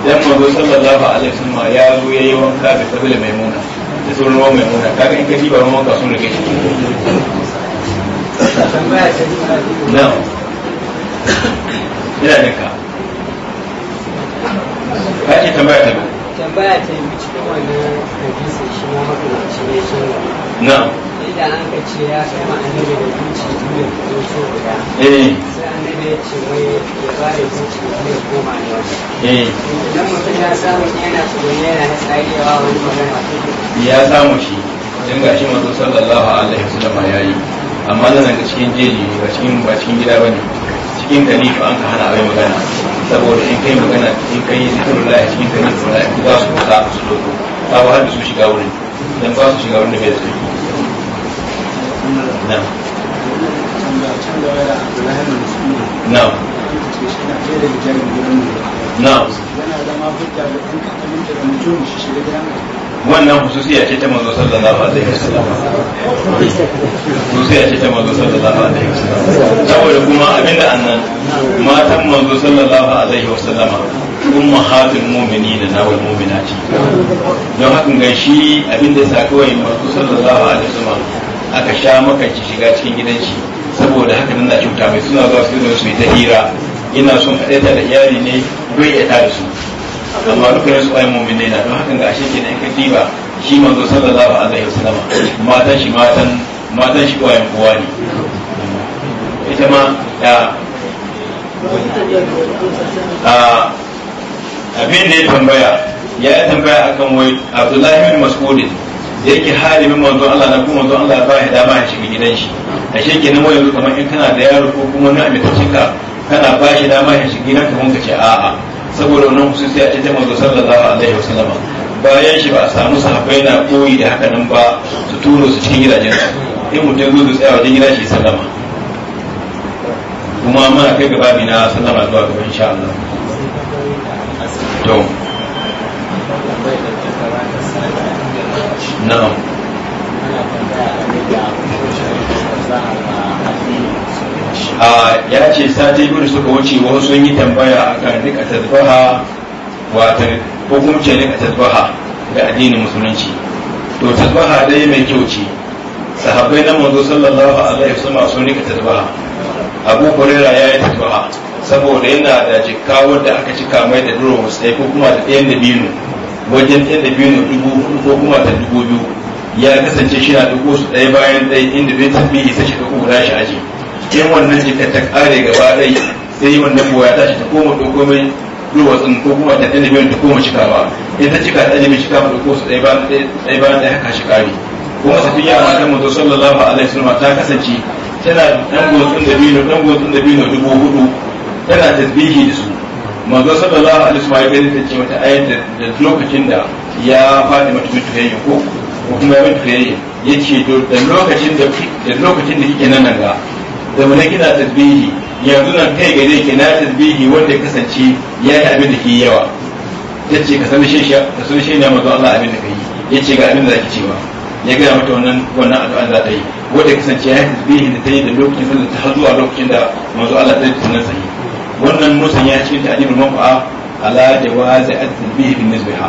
dan manzo sallallahu alaihi wasallam ya zo ya yi wanka da mai muna da sauran ruwan muna kaga in kashi ba ruwan wanka sun rike shi na ina da ka ka ce tambaya ta tambaya ta yi cikin wannan hadisi shi ma makamancin ne shi na idan an ka ce ya kai ma'anar da zuci duniya da zuci guda eh. ce eh. ya samu yana shi masu alaihi ya yi amma cikin jeji ba cikin gida ba ne cikin an ka hana magana saboda in ba su su ta ba da shiga wurin dan ba su shiga wurin da bai da na'am na'am wannan hususiya ce ta manzo sallallahu alaihi wasallam hususiya ce ta manzo sallallahu alaihi wasallam saboda kuma abinda annan matan manzo sallallahu alaihi wasallama ummahatul mu'minina na wal mu'minati don hakan ga shi abinda sa kawai manzo sallallahu alaihi wasallam aka sha maka shiga cikin gidan shi saboda haka nan na cuta mai suna zuwa su yi su yi ta hira ina son kaɗai ta da iyali ne bai ya tare su amma dukkan su ayi ne na don hakan ga ashe kenan in kan diba shi manzo sallallahu alaihi wasallam matan shi matan matan shi ƙwayan kowa ne ita ma da abin da ya tambaya ya yi tambaya akan wai abdullahi bin mas'udin yake hali halimin manzon Allah na kuma manzon Allah ba ya dama ya shiga gidan shi a shi ke yanzu kamar in kana da yaro ko kuma na amita cika kana ba shi dama ya shiga gidan ka kuma ka ce a'a saboda wannan hususi a cikin manzon sallallahu alaihi wasallama bayan shi ba a samu sahabbai na koyi da haka nan ba su turo su cikin gidajen su in mutum zo su tsaya wajen gidan shi sallama kuma muna kai gaba na sallama zuwa gaban insha Allah Don't. na'am ya ce sati biyu suka wuce wani sun yi tambaya a kan rika tasbaha wata ce rika tasbaha ga addinin musulunci to tasbaha dai mai kyau ce sahabbai na manzo sallallahu alaihi wasallam sun rika tasbaha abu hurairah ya yi tasbaha saboda yana da jikka wanda aka cika mai da duro sai ko kuma da ɗayan da biyu wajen ɗaya da biyu dubu hudu ko kuma ta dubu biyu ya kasance shi na dubu su ɗaya bayan ɗaya inda bai biyu sai shi ɗauko guda shi aji in wannan jika ta ƙare gaba ɗai sai wannan buwa ya tashi ta koma ɗauko mai sun ko kuma ta ɗaya da biyu ta koma cikawa in ta cika ta ɗaya da ɗauko su ɗaya bayan ɗaya haka shi ƙare kuma safiya matan mutu sallallahu alaihi wasallam ta kasance tana ɗan gotsun da biyu ɗan gotsun da biyu dubu hudu tana tasbihi da su manzo sallallahu alaihi sallam ya ce wata ayat da lokacin da ya fadi mutum mutuyayya ko ko kuma ya mutuyayya yace to da lokacin da da lokacin da kike nan ga da mun kina tasbihi yanzu nan kai ga ki na tasbihi wanda kasance ya yi abin da ke yawa yace ka san shi ka san shi ne manzo Allah abin da kai yace ga abin da zaki cewa ya gaya mata wannan wannan addu'a da ta yi wanda kasance ya yi tasbihi da ta yi da lokacin da ta har a lokacin da manzo Allah ta yi tunan sahihi wannan musan ya ce ta ajin mafa ala jawazi at-tilbih bin nisbiha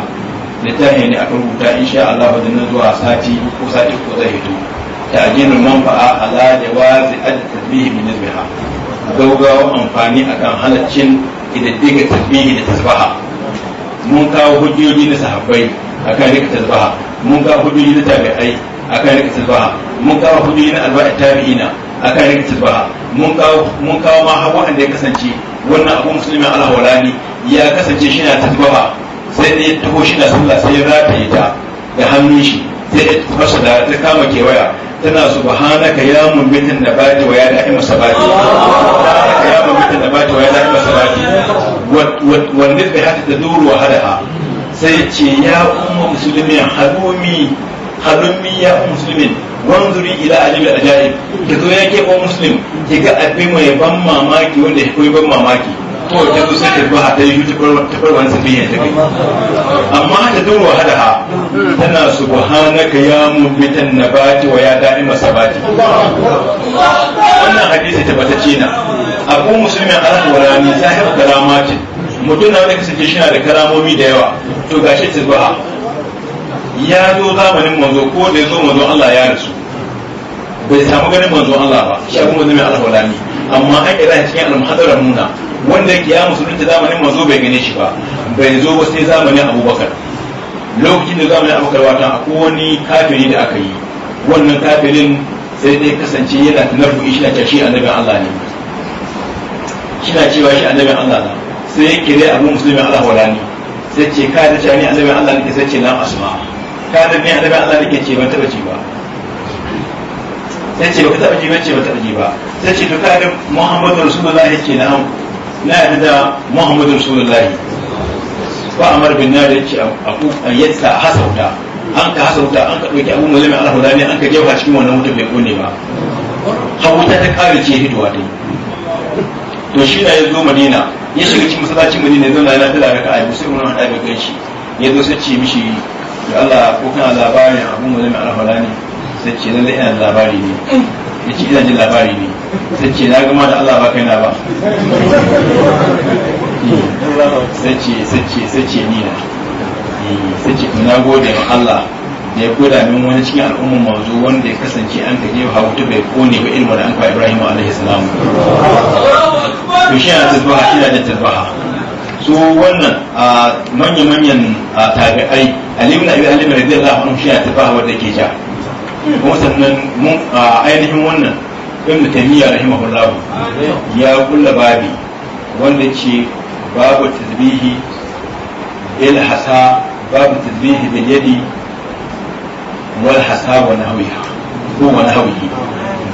littafin ne aka rubuta insha Allah wajen zuwa sati ko sati ko zai hito ta ajin mafa ala jawazi at-tilbih bin nisbiha gaugawa amfani akan halaccin idaddiga tasbihi da tasbaha mun kawo hujjoji na sahabbai akan rika tasbaha mun kawo hujjoji na tabi'ai akan rika tasbaha mun kawo hujjoji na alba'i tabi'ina akan rika tasbaha mun kawo mun kawo ma hawa da ya kasance wannan abu musulmi ala walani ya kasance shi na tasbaha sai da ya taho shi na sallah sai ya rataye ta da hannun shi sai ya masa da ta kama kewaya tana subhanaka ya mumbitin da ba da waya da da'i masabati ya mumbitin da ba da waya da da'i masabati wanda ya hata da duru wa hadaha sai ce ya umma musulmi halumi halummi musulmi muslimin wanzuri ila ajib al-ajaib ki zo yake ko muslim ki ga abin mai ban mamaki wanda ya ban mamaki to ta zo sai ki ba ta yi ta farwa wani sabiya ta kai amma ta duro hada ha tana subhanaka ya mubitan nabati wa ya da'ima sabati wannan hadisi bata na abu muslimin al-warani sahib karamati mutum na wanda kasance shi da karamomi da yawa to gashi tibba ya zo zamanin manzo ko da ya zo manzo Allah ya rasu bai samu ganin manzo Allah ba shi kuma zai mai alhawlani amma an kira cikin almuhadara nuna wanda yake ya musulunci zamanin manzo bai gane shi ba bai zo ba sai zamanin Abubakar lokacin da zamanin Abubakar wata akwai wani kafiri da aka yi wannan kafirin sai dai kasance yana tunarfu shi na cewa shi annabin Allah ne shi na cewa shi annabin Allah ne sai yake dai abu musulmin Allah wala ne sai ce kai da cewa ni annabin Allah ne sai ce na asma ta ne annabi Allah da ke ce ban taba ji ba sai ce baka taba ji ban ce ban taba ji ba sai ce to ka da Muhammadu Rasulullahi ce na na yarda Muhammadu Rasulullahi ba amar bin nar yace abu ayyata hasauta an ka hasauta an ka dauki abu mulmi Allah da ne an ka jefa cikin wannan mutum bai kone ba har ta kare ce hidwa dai to shi ya zo Madina ya shiga cikin masallacin Madina ya zo na lafiya da ka ayi sai hada kai shi ya zo sai ce mishi da Allah ko kana labarin abin wani mai alfara ne sai ce lalle ina labari ne ya ce ina jin labari ne sai ce na gama da Allah ba kai na ba sai ce sai ce sai ce ni na eh, sai ce na gode ma Allah da ya koda min wani cikin al'umma mazu wanda ya kasance an ka jefa hautu bai kone ba ilmu da an kwa Ibrahim alaihi salam Bishiyar shi ina da tasbaha su wannan manya-manyan tagarai alimin abi alimin shi tafa ke ja kuma sannan mun ainihin wannan ibn taymiya rahimahullah ya kulla babi wanda ce babu il hasa babu bil yadi wal hasa wa nahwiha ko wa nahwihi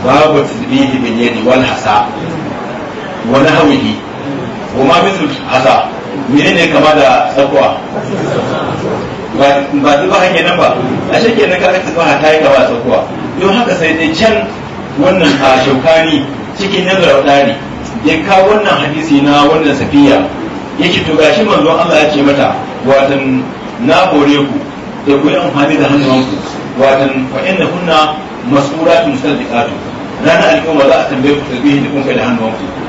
babu bil yadi wal hasa wa nahwihi وما مثل هذا mene ne kama da tsakuwa ba duba hanyar nan ba a na kenan kaga tsakuwa ta yi kama tsakuwa don haka sai dai can wannan a shaukani cikin da ɗari ya kawo wannan hadisi na wannan safiya ya yake to gashi manzon Allah ya ce mata watan na bore ku da ku yi amfani da hannuwanku watan fa inna kunna mas'ulatun sadiqatu ranar alƙawma za a tambaye ku tarbiyyar da kun kai da hannuwanku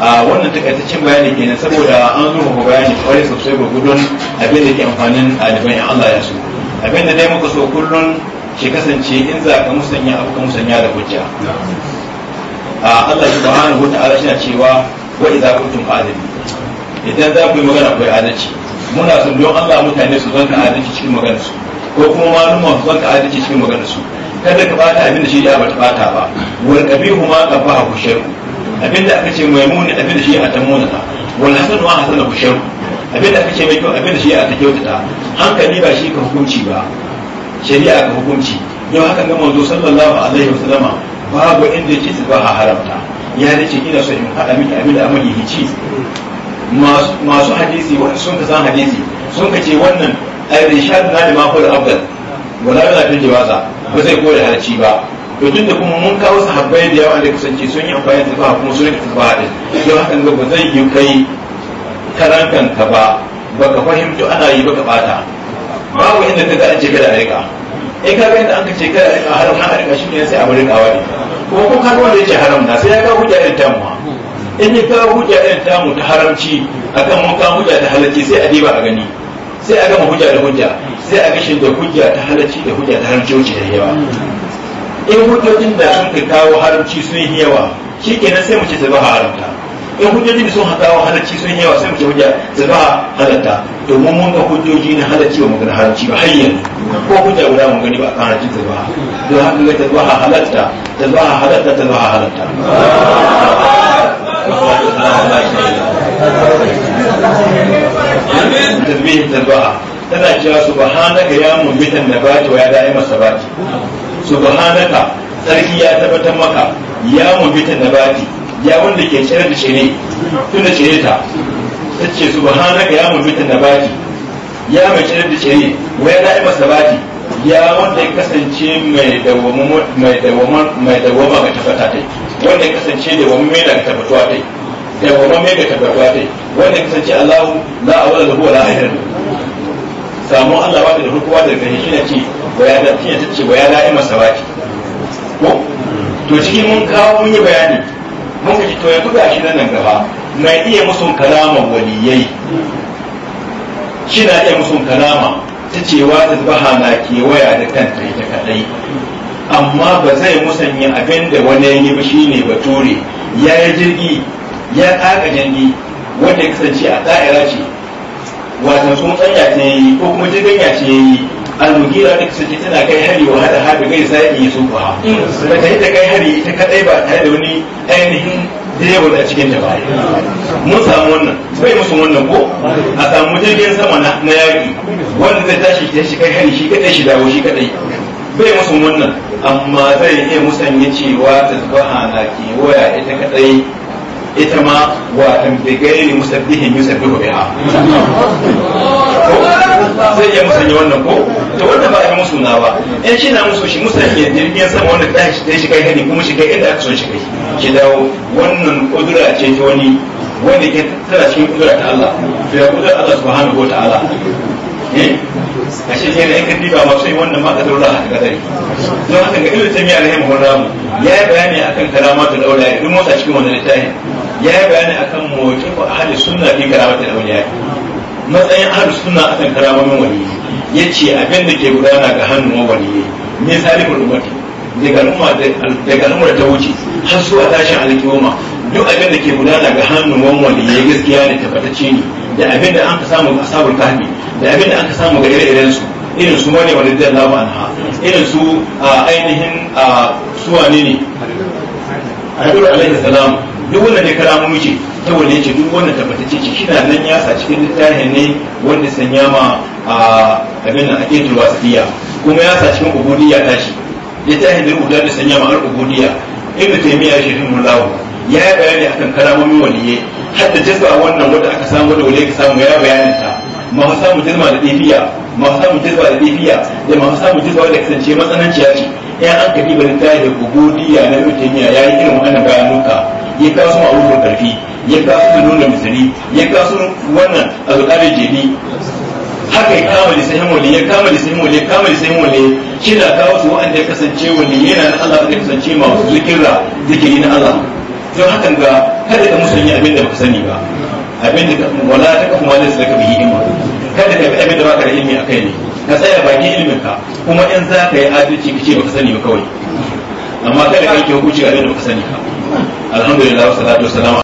a wannan takaitaccen bayani kenan saboda an zo muku bayani kwarai sosai ga gudun abin da ke amfanin ɗaliban ya Allah ya su abin da dai muka so kullum ke kasance in za ka musanya abu ka musanya da hujja a Allah subhanahu wa ta'ala shi cewa wa idza kuntum fa'adili idan za ku yi magana ku yi adalci muna son don Allah mutane su zanka adalci cikin magana su ko kuma malumma su zanka adalci cikin magana su kada ka bata abin da shi ya bata bata ba wal qabihu ma ku shay'un abinda aka ce mai muni abinda shi a ta munata wal hasan wa hasan ku sharu abinda aka ce mai kyau abinda shi a ta ta hankali ba shi ka hukunci ba shari'a ka hukunci Yau haka ga manzo sallallahu alaihi wasallama babu inda yake ba a haramta ya dace ina so in faɗa miki abinda amali hici masu hadisi wanda sun ka san hadisi sun ka ce wannan ai rishad na da maful afdal wala la tunjiwaza ba zai kore halci ba to tunda kuma mun kawo sahabbai da yawa da kusanci sun yi amfani da tafaha kuma sun yi tafaha da don haka ga ba zai yi kai karan ka ba baka fahimto ana yi baka bata babu inda ta ga an ce kada a rika in ka ga inda an ka ce kada a rika haram na a rika ne sai a bari kawai kuma ko har wanda yake haram na sai ya ga hujja irin tamu in ya ga hujja irin tamu ta haramci akan mun kawo hujja ta halarci sai a diba a gani sai a gama hujja da hujja sai a gashin da hujja ta halarci da hujja ta haramci wuce da yawa in hujjojin da sun ka kawo haramci sun yi yawa shi kenan sai mace ce zaba haramta in hujjojin da sun ka kawo halarci sun yi yawa sai mace hujja zaba halatta domin mun ga hujjoji na halarci ba magana haramci ba har yanzu ko hujja guda mun gani ba kan halarci zaba don haka ga zaba halatta zaba halatta zaba halatta tasbihin tazbaha tana cewa subhanaka ya mummitan nabati wa ya da'ima sabati subhanaka sarki ya tabbatar maka ya mubita bati ya wanda ke cire da shine tun da shine ta sace subhanaka ya da bati ya mai cire da shine wai ya da'i sabati ya wanda ya kasance mai dawoma mai dawwama mai dawwama ga tabbata dai wanda ya kasance da wani mai da tabbatuwa dai da wani mai da tabbatuwa dai wanda ya kasance Allahu la awala lahu wa la akhir samu Allah ba da rukuwa daga shi ne ce waya da fiye ta ce waya da ima sabaki ko to cikin mun kawo mun yi bayani mun kaji to yanzu ga shi nan gaba na iya musun kalaman waliyai shi na iya musun kalama ta cewa ta baha na kewaya da kanta ita kadai amma ba zai musanya abin da wani ya yi ba ne bature ya yi jirgi ya ƙaƙa jirgi wanda ya kasance a da'ira ce wasan sun tsanya ce yi ko kuma jirgin ya ce yi al-mugira da kasance tana kai hari wa hada hada gai sai yi su ba ba ta yi da kai hari ita kadai ba tare da wani ainihin direbul a cikin ta ba mun samu wannan bai musu wannan ko a samu jirgin sama na yaki wanda zai tashi ta shi kai hari shi kadai shi dawo shi kadai bai musu wannan amma zai iya musanya cewa hana ke waya ita kadai ita ma wa ne musabbihin yusabbihu biha zai iya musanya wannan ko da wanda ba a yi musu na ba in shi na musu shi musa ya jirgin sama wanda ta shi shi kai gani kuma shi kai inda aka son kai shi dawo wannan kudura ce ta wani wanda ke tara cikin kudura ta Allah to ya kudura Allah subhanahu wataala eh a shi ke da in kan diba masu yi wannan ma kadar Allah a kadari don haka ga ibnu taymiya rahimahullahu ramu ya yi bayani akan karamatul awliya duk motsa cikin wannan littafin ya yi bayani akan mawqifu ahli sunna fi karamatul awliya matsayin ahli sunna akan karamomin waliyi yace abin da ke gudana ga hannun wani misali ne daga al'umma daga al'umma ta wuce har zuwa tashin alkiyoma duk abin da ke gudana ga hannun ne gaskiya ne tabbatacce ne da abin da an ka samu a sabon kahfi da abin da an ka samu ga ire-iren su irin su da wa an ha irin su ainihin a wane ne Abdul alaihi salam duk wanda ne mun ce ta wani ce duk wanda tabbatacce shi na nan ya sa cikin littafin ne wanda sanya ma a abin a ƙetul kuma ya sa cikin ubudiyya tashi ya tashi da rubuta da sanya ma'ar ubudiyya ibnu taymiya shi tun mulawu ya yi bayani akan kalamomi waliye har da jazba wannan wanda aka samu da waliye ka samu ya bayani ta ha samu jazba da ma ha samu jazba da dibiya da ha samu jazba da kasance matsananciya ce ya an kaɗi bari ta da ubudiyya na ibnu taymiya ya yi irin wannan bayanuka ya kawo su ma'arufin ƙarfi ya kawo su nuna misali ya kawo su wannan alƙalin jini haka ya kama lisanin wali ya kama lisanin wali ya kama lisanin wali shi da kawo su wa'anda ya kasance wani yana na Allah da kasance masu zikirra yi na Allah don hakan ga kada ka yi abin da ka sani ba abin da wala ta kafa malin da ka bi ma kada ka bi abin da ka da ilimi a kai ne ka tsaya ki ilimin ka kuma in za ka yi adalci ba ka sani ba kawai amma kada ka yi hukunci abin da ka sani ba alhamdulillah wa salama.